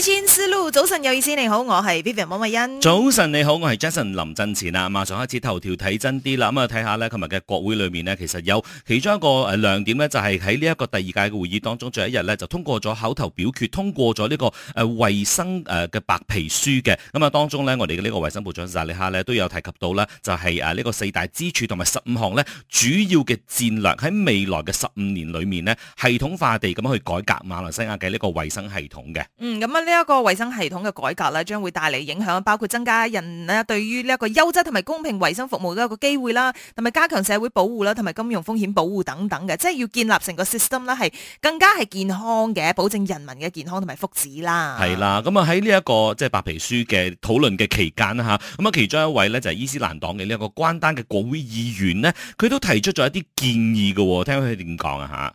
千思路，早晨有意思，你好，我係 Vivian 蒙慧欣。早晨你好，我係 Jason 林振前啊！馬、嗯、上開始頭條睇真啲啦，咁啊睇下呢。琴日嘅國會裏面呢，其實有其中一個誒亮、呃、點咧，就係喺呢一個第二屆嘅會議當中，最後一日呢，就通過咗口頭表決，通過咗呢、這個誒衛、呃、生誒嘅白皮書嘅。咁、嗯、啊當中呢，我哋嘅呢個衛生部長薩利哈呢，都有提及到呢，就係誒呢個四大支柱同埋十五項呢主要嘅戰略喺未來嘅十五年裏面呢，系統化地咁去改革馬來西亞嘅呢個衛生系統嘅、嗯。嗯，咁呢一個衞生系統嘅改革咧，將會帶嚟影響，包括增加人咧對於呢一個優質同埋公平衞生服務嘅一個機會啦，同埋加強社會保護啦，同埋金融風險保護等等嘅，即係要建立成個 system 啦，係更加係健康嘅，保證人民嘅健康同埋福祉啦。係啦，咁啊喺呢一個即係白皮書嘅討論嘅期間啦嚇，咁啊其中一位咧就係伊斯蘭黨嘅呢一個關丹嘅國會議員咧，佢都提出咗一啲建議嘅，聽佢點講啊吓。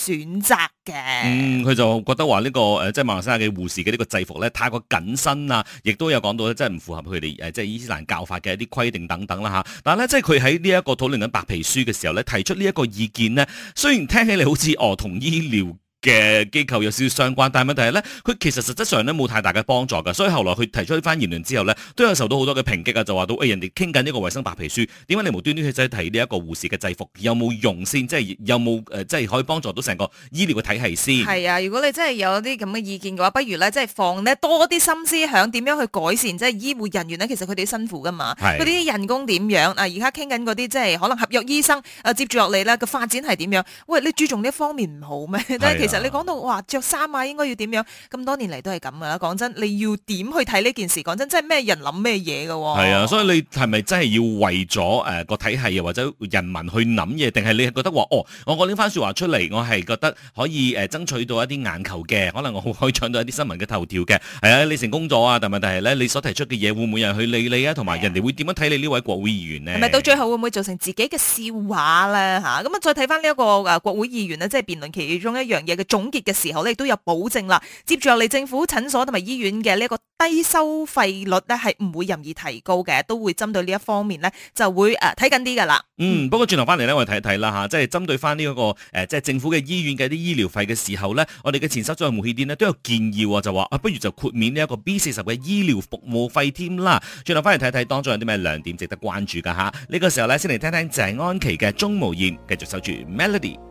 選擇嘅，嗯，佢就覺得話呢個誒，即係馬來西亞嘅護士嘅呢個制服咧，太過緊身啊，亦都有講到咧，即係唔符合佢哋誒，即係伊斯蘭教法嘅一啲規定等等啦嚇。但係咧，即係佢喺呢一個討論緊白皮書嘅時候咧，提出呢一個意見咧，雖然聽起嚟好似哦，同醫療嘅機構有少少相關，但係問題係咧，佢其實實質上咧冇太大嘅幫助嘅，所以後來佢提出一番言論之後咧，都有受到好多嘅抨擊啊！就話到誒人哋傾緊呢個衞生白皮書，點解你無端端去睇呢一個護士嘅制服有冇用先？即係有冇、呃、即係可以幫助到成個醫療嘅體系先？係啊，如果你真係有啲咁嘅意見嘅話，不如咧即係放呢多啲心思想點樣去改善，即、就、係、是、醫護人員呢？其實佢哋辛苦噶嘛，佢啲是、啊、人工點樣啊？而家傾緊嗰啲即係可能合約醫生、啊、接住落嚟啦，個發展係點樣？喂，你注重呢一方面唔好咩？係是、啊 其實你講到話著衫啊，應該要點樣？咁多年嚟都係咁噶啦。講真，你要點去睇呢件事？講真，即係咩人諗咩嘢嘅喎？係啊，所以你係咪真係要為咗誒個體系又或者人民去諗嘢，定係你係覺得話哦，我講呢番説話出嚟，我係覺得可以誒爭取到一啲眼球嘅，可能我可以搶到一啲新聞嘅頭條嘅。係啊，你成功咗啊，但問題係咧，你所提出嘅嘢會唔會有人去理你啊？同埋人哋會點樣睇你呢位國會議員咧？係咪到最後會唔會造成自己嘅笑話咧？嚇！咁啊，再睇翻呢一個誒國會議員咧，即係辯論其中一樣嘢。總結嘅時候咧，都有保證啦。接住落嚟，政府診所同埋醫院嘅呢一個低收費率呢，係唔會任意提高嘅，都會針對呢一方面呢，就會誒睇緊啲噶啦。啊、嗯，不過轉頭翻嚟呢，我哋睇一睇啦吓，即係針對翻呢一個誒，即係政府嘅醫院嘅啲醫療費嘅時候呢，我哋嘅前手再無氣店呢都有建議就，就話啊，不如就豁免呢一個 B 四十嘅醫療服務費添啦。轉頭翻嚟睇睇當中有啲咩亮點值得關注噶吓。呢、啊這個時候呢，先嚟聽聽謝安琪嘅鍾無艷，繼續守住 Melody。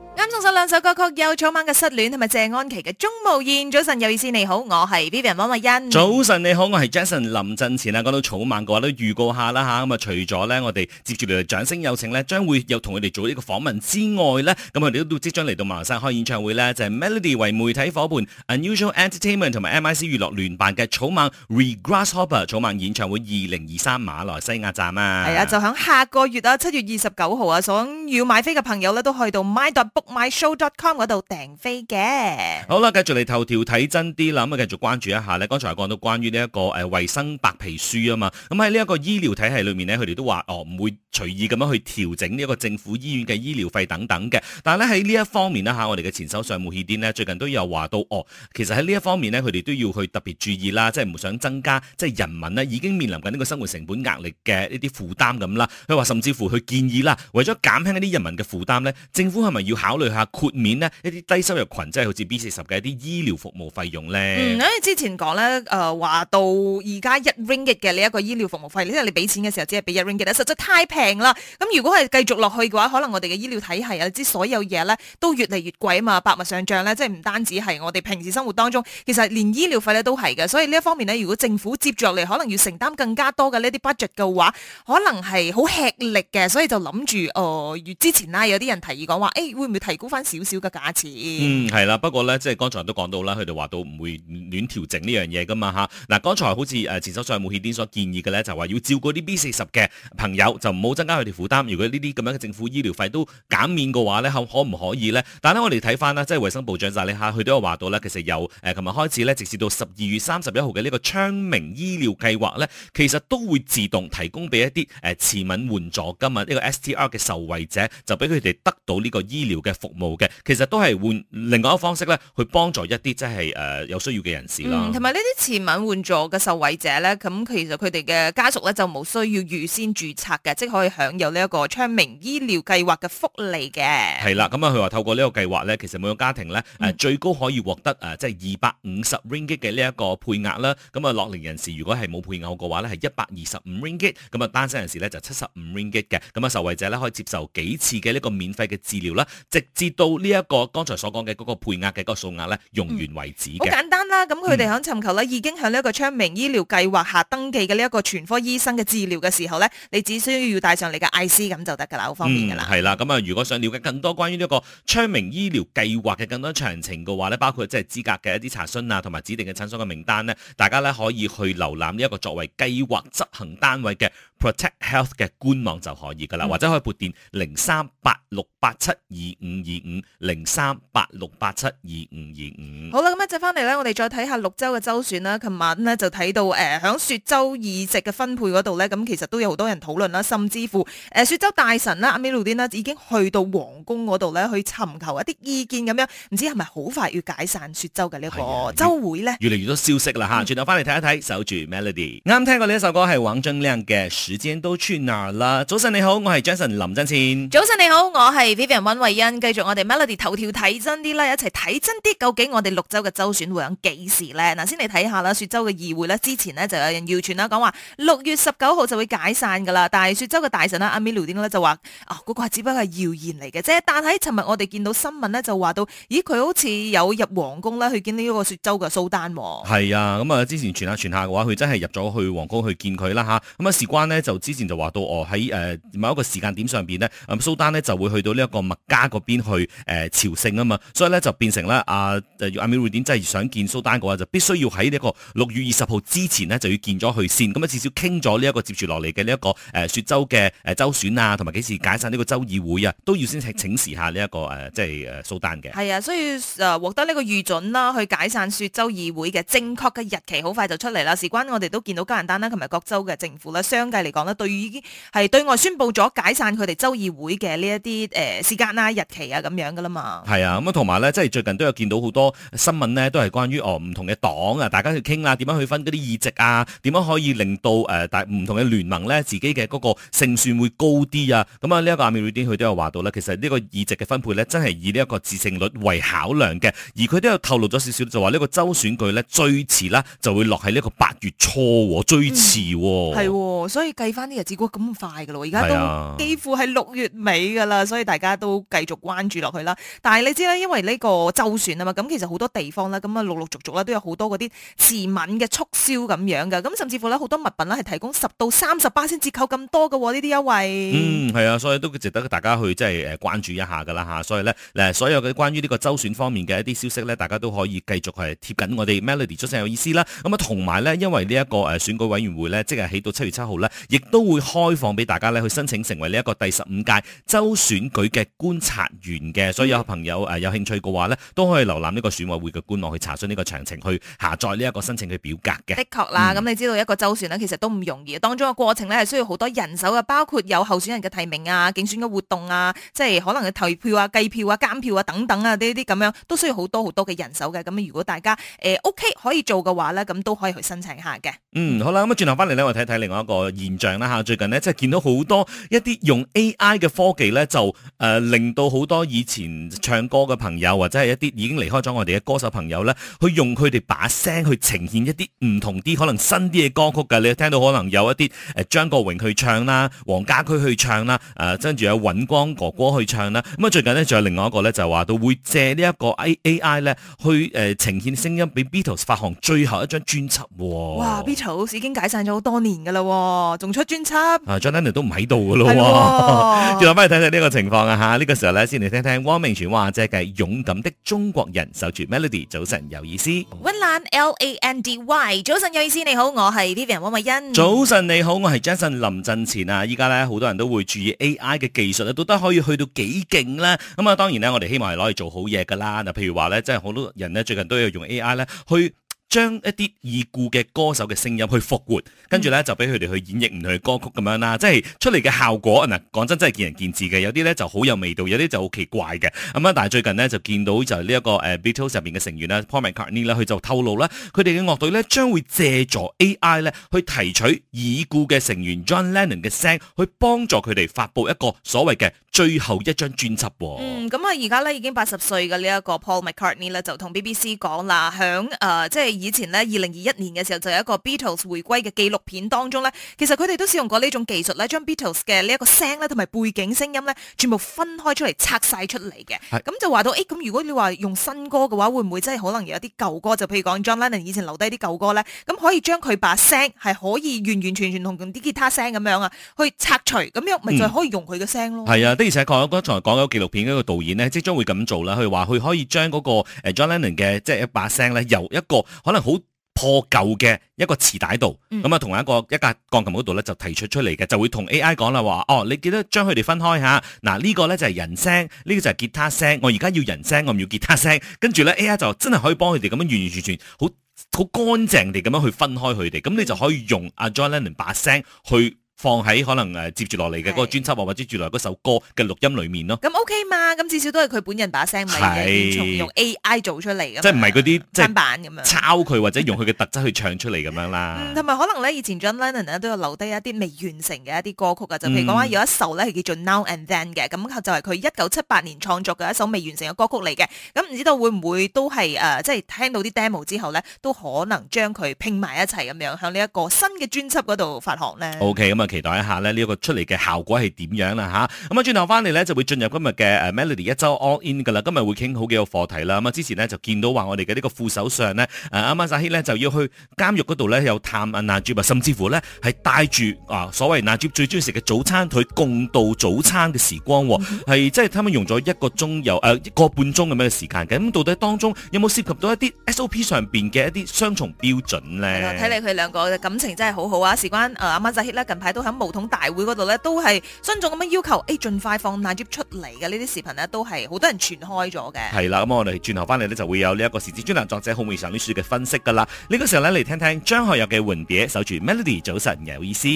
兩首歌曲《有草蜢嘅失戀》同埋謝安琪嘅《鍾無艷》。早晨，有意思你好，我係 Vivian 蒙慧欣。早晨你好，我係 Jason 林振前啊！講到草蜢嘅話都預告一下啦吓咁啊！嗯、除咗呢，我哋接住嚟掌聲有請呢，將會有同佢哋做呢個訪問之外呢，咁佢哋都即將嚟到馬來西亞開演唱會呢，就係、是、Melody 為媒體伙伴、Unusual Entertainment 同埋 MIC 娛樂聯辦嘅草蜢 Regress Hopper 草蜢演唱會二零二三馬來西亞站啊！係啊，就響下個月啊，七月二十九號啊，想要買飛嘅朋友呢，都去到 My Book My。c o m 度訂飛嘅。好啦，繼續嚟頭條睇真啲啦。咁啊，繼續關注一下咧。剛才講到關於呢一個誒衞生白皮書啊嘛。咁喺呢一個醫療體系裏面咧，佢哋都話哦唔會隨意咁樣去調整呢一個政府醫院嘅醫療費等等嘅。但係咧喺呢一方面呢，嚇，我哋嘅前首相慕尤丁呢，最近都有話到哦，其實喺呢一方面呢，佢哋都要去特別注意啦，即係唔想增加即係、就是、人民咧已經面臨緊呢個生活成本壓力嘅呢啲負擔咁啦。佢話甚至乎佢建議啦，為咗減輕一啲人民嘅負擔呢，政府係咪要考慮下？豁免呢一啲低收入群，即係好似 B 四十嘅一啲醫療服務費用咧。嗯，因為之前講咧，誒、呃、話到而家一 Ringgit 嘅呢一個醫療服務費，即係你俾錢嘅時候只係俾一 Ringgit 嘅，實在太平啦。咁如果係繼續落去嘅話，可能我哋嘅醫療體系啊，之所有嘢咧都越嚟越貴啊嘛，百物上漲咧，即係唔單止係我哋平時生活當中，其實連醫療費咧都係嘅。所以呢一方面咧，如果政府接着嚟，可能要承擔更加多嘅呢啲 budget 嘅話，可能係好吃力嘅。所以就諗住哦，誒、呃，之前啦有啲人提議講話，誒、欸、會唔會提高？翻少少嘅價錢，嗯係啦，不過呢，即係剛才都講到啦，佢哋話到唔會亂調整呢樣嘢噶嘛吓。嗱，剛才好似誒、呃、前首相慕尤丁所建議嘅呢，就話、是、要照顧啲 B 四十嘅朋友，就唔好增加佢哋負擔。如果呢啲咁樣嘅政府醫療費都減免嘅話呢，可唔可以呢？但係咧我哋睇翻啦，即係衛生部長晒你下，佢都有話到呢。其實由誒琴日開始呢，直至到十二月三十一號嘅呢個昌明、erm、醫療計劃呢，其實都會自動提供俾一啲誒慈憫援助，今日呢個 STR 嘅受惠者就俾佢哋得到呢個醫療嘅服務。冇嘅，其實都係換另外一個方式咧，去幫助一啲即係有需要嘅人士啦。嗯，同埋呢啲前敏援助嘅受惠者咧，咁其實佢哋嘅家屬咧就冇需要預先註冊嘅，即可以享有呢一個昌明醫療計劃嘅福利嘅。係啦，咁啊佢話透過呢個計劃咧，其實每個家庭咧最高可以獲得即係二百五十 ringgit 嘅呢一個配額啦。咁啊樂齡人士如果係冇配偶嘅話咧，係一百二十五 ringgit。咁啊單身人士咧就七十五 ringgit 嘅。咁啊受惠者咧可以接受幾次嘅呢個免費嘅治療啦，直到呢一個剛才所講嘅嗰個配額嘅嗰個數額咧，用完為止。好、嗯、簡單啦，咁佢哋響尋求咧，嗯、已經響呢一個昌明醫療計劃下登記嘅呢一個全科醫生嘅治療嘅時候呢，你只需要帶上你嘅 IC 咁就得噶啦，好方便噶啦。係啦，咁、嗯、啊，如果想了解更多關於呢一個昌明醫療計劃嘅更多詳情嘅話呢，包括即係資格嘅一啲查詢啊，同埋指定嘅診所嘅名單呢，大家呢可以去瀏覽呢一個作為計劃執行單位嘅。Protect Health 嘅官網就可以噶啦，嗯、或者可以撥電零三八六八七二五二五零三八六八七二五二五。5，好啦，咁一陣翻嚟咧，我哋再睇下六州嘅州選啦。琴晚咧就睇到誒響、呃、雪州議席嘅分配嗰度咧，咁其實都有好多人討論啦，甚至乎誒、呃、雪州大臣啦，阿米魯丁啦，已經去到皇宮嗰度咧，去尋求一啲意見咁樣，唔知係咪好快要解散雪州嘅呢個州會咧？越嚟越多消息啦嚇，轉頭翻嚟睇一睇，守住 Melody。啱聽過呢一首歌係王錚亮嘅。主持都穿牙啦！早晨你好，我係 j a s o n 林真。前。早晨你好，我係 Vivian 溫慧欣。繼續我哋 Melody 頭條睇真啲啦，一齊睇真啲。究竟我哋六州嘅州選會響幾時咧？嗱，先嚟睇下啦，雪州嘅議會咧，之前呢，就有人謠傳啦，講話六月十九號就會解散噶啦。但係雪州嘅大臣啦，阿 Millu 啲咧就話，哦，嗰、那個只不過係謠言嚟嘅啫。但係，尋日我哋見到新聞呢，就話到，咦，佢好似有入皇宮咧，去見呢一個雪州嘅蘇丹。係啊，咁、嗯、啊，之前傳下傳下嘅話，佢真係入咗去皇宮去見佢啦吓。咁、嗯、啊，事關咧。就之前就話到，我喺某一個時間點上邊呢，咁蘇丹呢就會去到呢一個麥加嗰邊去誒朝聖啊嘛，所以咧就變成咧阿阿瑞典真係想見蘇丹嘅話，就必須要喺呢一個六月二十號之前呢就要見咗佢先，咁啊至少傾咗呢一個接住落嚟嘅呢一個誒雪州嘅誒州選啊，同埋幾時解散呢個州議會啊，都要先請請示下呢一個誒即係誒蘇丹嘅。係啊，所以誒、啊、獲得呢個預準啦，去解散雪州議會嘅正確嘅日期好快就出嚟啦，事關我哋都見到吉蘭丹啦同埋各州嘅政府啦，相繼。嚟。講咧，對已經係對外宣布咗解散佢哋州議會嘅呢一啲誒時間啊、日期啊咁樣噶啦嘛。係啊，咁啊同埋咧，即係最近都有見到好多新聞呢，都係關於哦唔同嘅黨啊，大家去傾啦，點樣去分嗰啲議席啊，點樣可以令到誒大唔同嘅聯盟咧自己嘅嗰個勝算會高啲啊？咁、嗯、啊，呢一個阿米瑞丁佢都有話到咧，其實呢個議席嘅分配咧，真係以呢一個自勝率為考量嘅，而佢都有透露咗少少，就話呢個州選舉咧最遲啦就會落喺呢個八月初喎，最遲喎。係所以。計翻啲日子過，過咁快噶咯，而家都幾乎係六月尾噶啦，所以大家都繼續關注落去啦。但係你知啦，因為呢個周選啊嘛，咁其實好多地方咧，咁啊陸陸續續咧都有好多嗰啲自敏嘅促銷咁樣噶，咁甚至乎咧好多物品咧係提供十到三十八先折扣咁多噶喎，呢啲優惠。嗯，係啊，所以都值得大家去即係誒關注一下噶啦吓。所以咧，嗱，所有嘅關於呢個周選方面嘅一啲消息咧，大家都可以繼續係貼緊我哋 Melody 出聲有意思啦。咁啊，同埋咧，因為呢一個誒選舉委員會咧，即係起到七月七號咧。亦都會開放俾大家咧去申請成為呢一個第十五屆州選舉嘅觀察員嘅，所以有朋友、呃、有興趣嘅話，都可以瀏覽呢個選委會嘅官網去查詢呢個詳情，去下載呢一個申請嘅表格嘅。的確啦，咁、嗯、你知道一個州選其實都唔容易，當中嘅過程係需要好多人手，包括有候選人嘅提名啊、競選嘅活動啊，即係可能嘅投票啊、計票啊、監票啊等等啊呢啲咁樣，都需要好多好多嘅人手嘅。咁如果大家、呃、OK 可以做嘅話呢咁都可以去申請下嘅。嗯，好啦，咁轉頭翻嚟呢，我睇睇另外一個現像啦嚇，最近呢，即係見到好多一啲用 AI 嘅科技呢，就誒、呃、令到好多以前唱歌嘅朋友，或者係一啲已經離開咗我哋嘅歌手朋友呢，去用佢哋把聲去呈現一啲唔同啲可能新啲嘅歌曲㗎。你聽到可能有一啲誒張國榮去唱啦，黃家駒去唱啦，誒跟住有尹光哥哥去唱啦。咁、嗯、啊最近呢，仲有另外一個呢，就話、是、到會借呢一個 A AI 呢，去誒、呃呃呃呃呃、呈現聲音俾 Beatles 發行最後一張專輯喎。哇！Beatles 已經解散咗好多年㗎啦、哦，仲～出專輯啊 John 都唔喺度噶咯。最後翻嚟睇睇呢個情況啊嚇。呢、呢個時候咧，先嚟聽聽汪明荃話齋嘅《勇敢的中國人》守住 Melody。早晨有意思，溫蘭 L A N D Y 早。早晨有意思，你好，我係 Vivian 汪慧欣。早晨你好，我係 Jason 林振前啊。依家咧好多人都會注意 AI 嘅技術咧，到底可以去到幾勁咧？咁、嗯、啊，當然咧，我哋希望係攞嚟做好嘢噶啦。嗱，譬如話咧，即係好多人咧最近都有用 AI 咧去。將一啲已故嘅歌手嘅聲音去復活，跟住咧就俾佢哋去演繹唔同嘅歌曲咁樣啦，即係出嚟嘅效果嗱，講真真係見仁見智嘅，有啲咧就好有味道，有啲就好奇怪嘅咁啊！但係最近呢，就見到就呢一個誒 Beatles 入面嘅成員啦，Paul McCartney 啦，佢就透露啦，佢哋嘅樂隊咧將會借助 AI 咧去提取已故嘅成員 John Lennon 嘅聲，去幫助佢哋發布一個所謂嘅最後一張專輯喎。嗯，咁啊，而家咧已經八十歲嘅呢一個 Paul McCartney 咧，就同 BBC 講啦，即以前咧，二零二一年嘅時候就有一個 Beatles 回歸嘅紀錄片當中咧，其實佢哋都使用過呢種技術咧，將 Beatles 嘅呢一個聲咧同埋背景聲音咧，全部分開出嚟拆晒出嚟嘅。咁就話到，誒咁如果你話用新歌嘅話，會唔會真係可能有一啲舊歌？就譬如講 John Lennon 以前留低啲舊歌咧，咁可以將佢把聲係可以完完全全同啲吉他聲咁樣啊，去拆除咁樣，咪就可以用佢嘅聲咯。係啊，的而且確剛才講緊紀錄片嘅一個導演咧，即將會咁做啦。佢話佢可以將嗰個 John Lennon 嘅即係一把聲咧，由一個可能好破舊嘅一個磁帶度，咁啊，同一個一架鋼琴嗰度咧就提出出嚟嘅，就會同 AI 講啦話，哦，你記得將佢哋分開吓，嗱、啊這個、呢個咧就係、是、人聲，呢、這個就係吉他聲，我而家要人聲，我唔要吉他聲，跟住咧 AI 就真係可以幫佢哋咁樣完完全全好好乾淨地咁樣去分開佢哋，咁你就可以用阿 John Lennon 把聲去。放喺可能接住落嚟嘅嗰個專輯或者接住落嚟嗰首歌嘅錄音裏面咯。咁、嗯、OK 嘛，咁至少都係佢本人把聲嚟嘅，是從用 AI 做出嚟嘅。即係唔係嗰啲翻版咁樣，抄佢或者用佢嘅特質去唱出嚟咁樣啦。同埋、 嗯、可能咧，以前 John Lennon 都有留低一啲未完成嘅一啲歌曲㗎。就譬如講話有一首咧係叫做 Now and Then 嘅，咁就係佢一九七八年創作嘅一首未完成嘅歌曲嚟嘅。咁唔知道會唔會都係、呃、即係聽到啲 demo 之後咧，都可能將佢拼埋一齊咁樣向呢一個新嘅專輯嗰度發行咧。OK，咁、嗯、啊。期待一下呢，呢，這個出嚟嘅效果係點樣啦，啊，吓，咁啊轉頭翻嚟呢，就會進入今日嘅、啊、Melody 一周 All In 㗎啦。今日會傾好幾個課題啦。咁啊之前呢，就見到話我哋嘅呢個副首相呢，阿，啊，阿馬薩希就要去監獄嗰度呢，有探阿娜珠，甚至乎呢，係帶住啊所謂娜珠最中意食嘅早餐，佢共度早餐嘅時光，係即係差唔多用咗一個鐘又誒一個半鐘咁樣嘅時間嘅。咁、嗯、到底當中有冇涉及到一啲 SOP 上面嘅一啲雙重標準呢？睇嚟佢兩個感情真係好好啊！事關阿，啊啊，馬薩希呢，近排都。喺毛桶大會嗰度咧，都係新總咁樣要求，誒、哎，盡快放《奶接》出嚟嘅呢啲視頻呢，都係好多人傳開咗嘅。係啦，咁我哋轉頭翻嚟呢，就會有呢一個《時事專欄》作者孔美尚呢書嘅分析噶啦。呢、這個時候呢，嚟聽聽張學友嘅《吻別》，守住 Melody，早晨有意思。